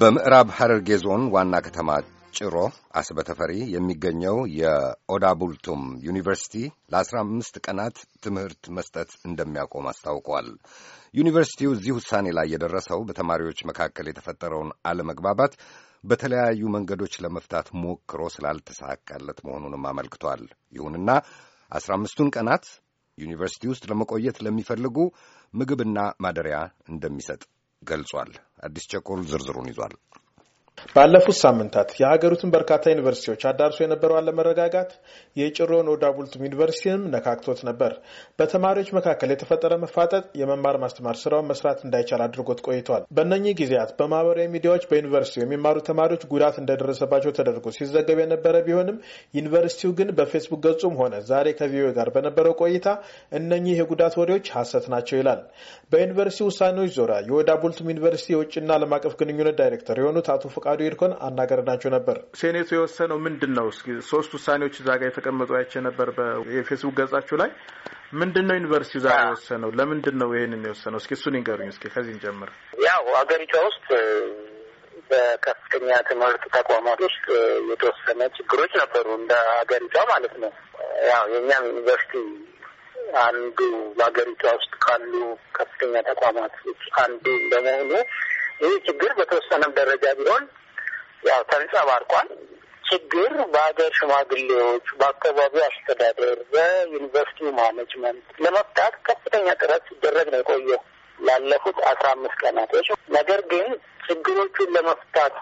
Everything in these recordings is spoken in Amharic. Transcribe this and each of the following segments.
በምዕራብ ሐረርጌ ዞን ዋና ከተማ ጭሮ አስበተፈሪ የሚገኘው የኦዳቡልቱም ዩኒቨርሲቲ ለ15 ቀናት ትምህርት መስጠት እንደሚያቆም አስታውቋል። ዩኒቨርሲቲው እዚህ ውሳኔ ላይ የደረሰው በተማሪዎች መካከል የተፈጠረውን አለመግባባት በተለያዩ መንገዶች ለመፍታት ሞክሮ ስላልተሳካለት መሆኑንም አመልክቷል። ይሁንና አስራ አምስቱን ቀናት ዩኒቨርሲቲ ውስጥ ለመቆየት ለሚፈልጉ ምግብና ማደሪያ እንደሚሰጥ ገልጿል። አዲስ ቸኮል ዝርዝሩን ይዟል። ባለፉት ሳምንታት የሀገሪቱን በርካታ ዩኒቨርሲቲዎች አዳርሶ የነበረው አለመረጋጋት የጭሮን ወደ ዩኒቨርሲቲንም ነካክቶት ነበር። በተማሪዎች መካከል የተፈጠረ መፋጠጥ የመማር ማስተማር ስራውን መስራት እንዳይቻል አድርጎት ቆይቷል። በእነኚህ ጊዜያት በማህበራዊ ሚዲያዎች በዩኒቨርሲቲ የሚማሩ ተማሪዎች ጉዳት እንደደረሰባቸው ተደርጎ ሲዘገብ የነበረ ቢሆንም ዩኒቨርሲቲው ግን በፌስቡክ ገጹም ሆነ ዛሬ ከቪኦኤ ጋር በነበረው ቆይታ እነኚህ የጉዳት ወሬዎች ሀሰት ናቸው ይላል። በዩኒቨርሲቲ ውሳኔዎች ዙሪያ የወደ ዩኒቨርሲቲ የውጭና ዓለም አቀፍ ግንኙነት ዳይሬክተር የሆኑት አቶ ፍቃ ፈቃዱ ይድኮን አናገርናቸው ነበር። ሴኔቱ የወሰነው ምንድን ነው? እስኪ ሶስት ውሳኔዎች እዛ ጋር የተቀመጡ አይቼ ነበር የፌስቡክ ገጻችሁ ላይ። ምንድን ነው ዩኒቨርሲቲው ዛሬ የወሰነው? ለምንድን ነው ይሄንን የወሰነው? እስኪ እሱን ይንገሩኝ። እስኪ ከዚህ እንጀምር። ያው አገሪቷ ውስጥ በከፍተኛ ትምህርት ተቋማት ውስጥ የተወሰነ ችግሮች ነበሩ፣ እንደ ሀገሪቷ ማለት ነው። ያው የእኛም ዩኒቨርሲቲ አንዱ በሀገሪቷ ውስጥ ካሉ ከፍተኛ ተቋማት አንዱ እንደመሆኑ ይህ ችግር በተወሰነም ደረጃ ቢሆን ያው ተንጸባርቋል። ችግር በሀገር ሽማግሌዎች፣ በአካባቢው አስተዳደር፣ በዩኒቨርሲቲ ማኔጅመንት ለመፍታት ከፍተኛ ጥረት ሲደረግ ነው የቆየው ላለፉት አስራ አምስት ቀናቶች። ነገር ግን ችግሮቹን ለመፍታት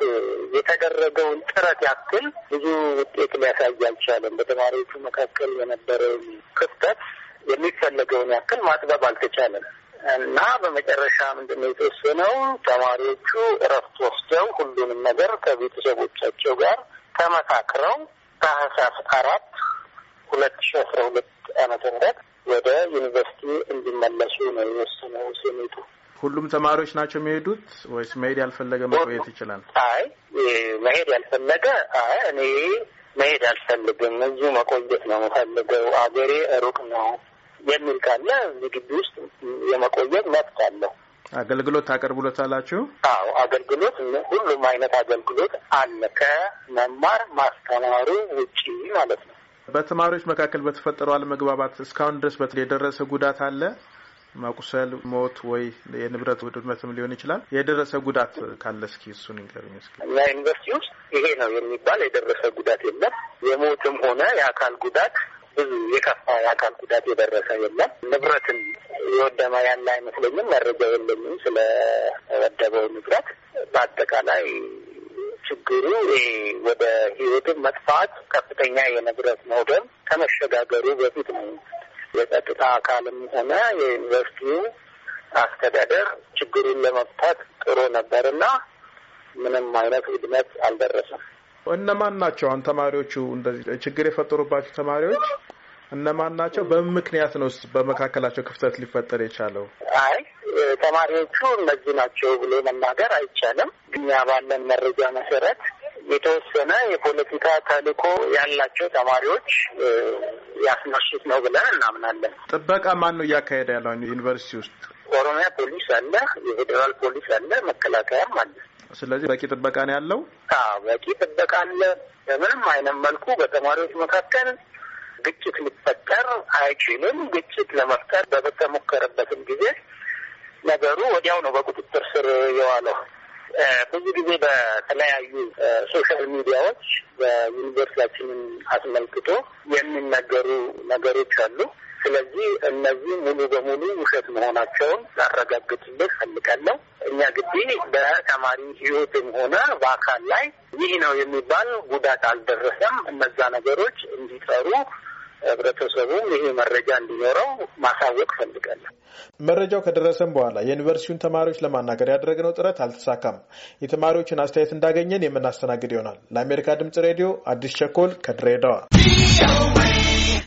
የተደረገውን ጥረት ያክል ብዙ ውጤት ሊያሳይ አልቻለም። በተማሪዎቹ መካከል የነበረውን ክፍተት የሚፈለገውን ያክል ማጥበብ አልተቻለም። እና በመጨረሻ ምንድን ነው የተወሰነው ተማሪዎቹ እረፍት ወስደው ሁሉንም ነገር ከቤተሰቦቻቸው ጋር ተመካክረው ታህሳስ አራት ሁለት ሺ አስራ ሁለት አመተ ምህረት ወደ ዩኒቨርሲቲ እንዲመለሱ ነው የወሰነው ሴኔቱ። ሁሉም ተማሪዎች ናቸው የሚሄዱት ወይስ መሄድ ያልፈለገ መቆየት ይችላል? አይ መሄድ ያልፈለገ አይ እኔ መሄድ አልፈልግም እዚሁ መቆየት ነው የምፈልገው አገሬ ሩቅ ነው የሚል ካለ ግቢ ውስጥ የመቆየት መብት አለው። አገልግሎት ታቀርቡለት አላችሁ? አዎ አገልግሎት፣ ሁሉም አይነት አገልግሎት አለ ከመማር ማስተማሩ ውጪ ማለት ነው። በተማሪዎች መካከል በተፈጠረው አለመግባባት እስካሁን ድረስ የደረሰ ጉዳት አለ? መቁሰል፣ ሞት ወይ የንብረት ውድመትም ሊሆን ይችላል። የደረሰ ጉዳት ካለ እስኪ እሱን ንገሩኝ። እስኪ እኛ ዩኒቨርሲቲ ውስጥ ይሄ ነው የሚባል የደረሰ ጉዳት የለም። የሞትም ሆነ የአካል ጉዳት ብዙ የከፋ የአካል ጉዳት የደረሰ የለም። ንብረትን የወደመ ያለ አይመስለኝም። መረጃ የለኝም ስለ ወደበው ንብረት። በአጠቃላይ ችግሩ ወደ ህይወትን መጥፋት፣ ከፍተኛ የንብረት መውደም ከመሸጋገሩ በፊት ነው። የጸጥታ አካልም ሆነ የዩኒቨርሲቲው አስተዳደር ችግሩን ለመፍታት ጥሩ ነበርና ምንም አይነት ውድመት አልደረሰም። እነማን ናቸው? አሁን ተማሪዎቹ እንደዚህ ችግር የፈጠሩባቸው ተማሪዎች እነማን ናቸው? በምን ምክንያት ነው በመካከላቸው ክፍተት ሊፈጠር የቻለው? አይ ተማሪዎቹ እነዚህ ናቸው ብሎ መናገር አይቻልም። እኛ ባለን መረጃ መሰረት የተወሰነ የፖለቲካ ተልዕኮ ያላቸው ተማሪዎች ያስነሱት ነው ብለን እናምናለን። ጥበቃ ማን ነው እያካሄደ ያለው ዩኒቨርሲቲ ውስጥ? ኦሮሚያ ፖሊስ አለ፣ የፌዴራል ፖሊስ አለ፣ መከላከያም አለ። ስለዚህ በቂ ጥበቃ ነው ያለው። በቂ ጥበቃ አለ። በምንም አይነት መልኩ በተማሪዎች መካከል ግጭት ሊፈጠር አይችልም። ግጭት ለመፍጠር በተሞከረበትም ጊዜ ነገሩ ወዲያው ነው በቁጥጥር ስር የዋለው። ብዙ ጊዜ በተለያዩ ሶሻል ሚዲያዎች በዩኒቨርሲቲያችንን አስመልክቶ የሚነገሩ ነገሮች አሉ። ስለዚህ እነዚህ ሙሉ በሙሉ ውሸት መሆናቸውን ላረጋግጥልህ ፈልጋለሁ። እኛ ግቢ በተማሪ ህይወትም ሆነ በአካል ላይ ይህ ነው የሚባል ጉዳት አልደረሰም። እነዛ ነገሮች እንዲጠሩ ህብረተሰቡም ይሄ መረጃ እንዲኖረው ማሳወቅ ፈልጋለሁ። መረጃው ከደረሰም በኋላ የዩኒቨርሲቲውን ተማሪዎች ለማናገር ያደረግነው ጥረት አልተሳካም። የተማሪዎችን አስተያየት እንዳገኘን የምናስተናግድ ይሆናል። ለአሜሪካ ድምጽ ሬዲዮ አዲስ ቸኮል ከድሬዳዋ